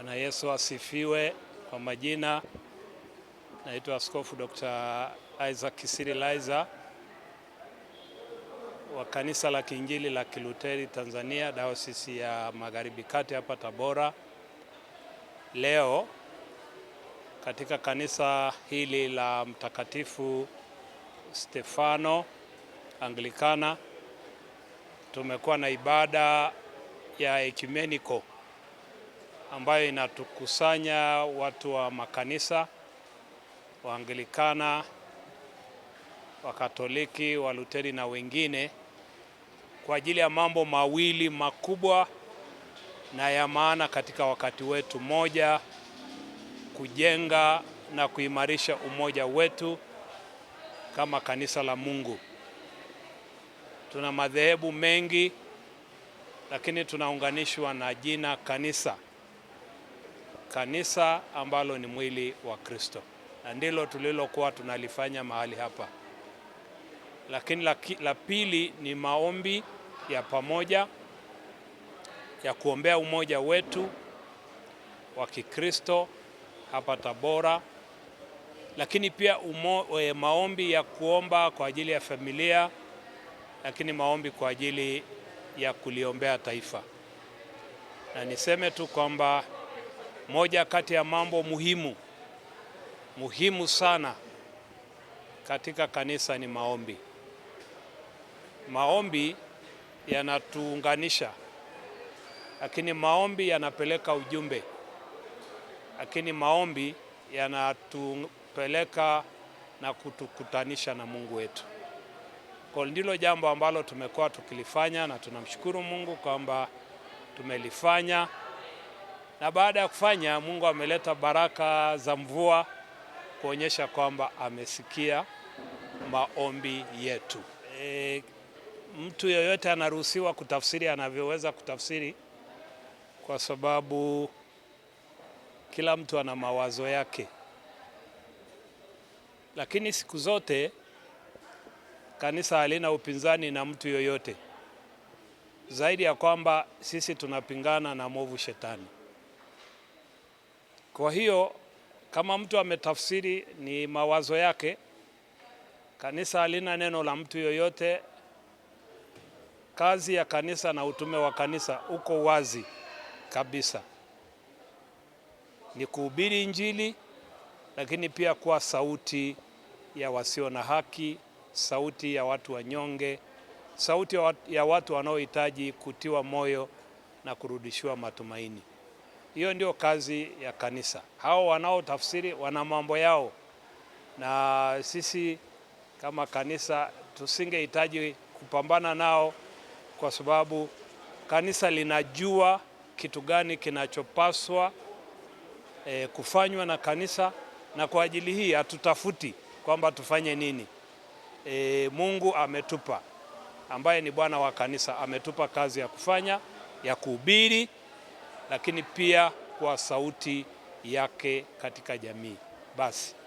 Bwana Yesu asifiwe. Kwa majina, naitwa Askofu Dr. Isaac Kisiri wa Kanisa la Kiinjili la Kiluteri Tanzania, Dayosisi ya Magharibi Kati hapa Tabora. Leo katika kanisa hili la Mtakatifu Stefano Anglikana tumekuwa na ibada ya ekumeniko ambayo inatukusanya watu wa makanisa Waanglikana, Wakatoliki, Waluteri na wengine kwa ajili ya mambo mawili makubwa na ya maana katika wakati wetu: moja, kujenga na kuimarisha umoja wetu kama kanisa la Mungu. Tuna madhehebu mengi, lakini tunaunganishwa na jina kanisa kanisa ambalo ni mwili wa Kristo, na ndilo tulilokuwa tunalifanya mahali hapa. Lakini la, la pili ni maombi ya pamoja ya kuombea umoja wetu wa Kikristo hapa Tabora, lakini pia umo, e, maombi ya kuomba kwa ajili ya familia, lakini maombi kwa ajili ya kuliombea taifa. Na niseme tu kwamba moja kati ya mambo muhimu muhimu sana katika kanisa ni maombi. Maombi yanatuunganisha, lakini maombi yanapeleka ujumbe, lakini maombi yanatupeleka na kutukutanisha na Mungu wetu. Kwa ndilo jambo ambalo tumekuwa tukilifanya na tunamshukuru Mungu kwamba tumelifanya na baada ya kufanya, Mungu ameleta baraka za mvua kuonyesha kwamba amesikia maombi yetu. E, mtu yoyote anaruhusiwa kutafsiri anavyoweza kutafsiri, kwa sababu kila mtu ana mawazo yake, lakini siku zote kanisa halina upinzani na mtu yoyote, zaidi ya kwamba sisi tunapingana na mwovu shetani. Kwa hiyo kama mtu ametafsiri, ni mawazo yake. Kanisa halina neno la mtu yoyote. Kazi ya kanisa na utume wa kanisa uko wazi kabisa, ni kuhubiri Injili, lakini pia kuwa sauti ya wasio na haki, sauti ya watu wanyonge, sauti ya watu wanaohitaji kutiwa moyo na kurudishiwa matumaini. Hiyo ndio kazi ya kanisa. Hao wanaotafsiri wana mambo yao, na sisi kama kanisa tusingehitaji kupambana nao, kwa sababu kanisa linajua kitu gani kinachopaswa e, kufanywa na kanisa, na kwa ajili hii hatutafuti kwamba tufanye nini. E, Mungu ametupa ambaye ni Bwana wa kanisa ametupa kazi ya kufanya ya kuhubiri lakini pia kwa sauti yake katika jamii. Basi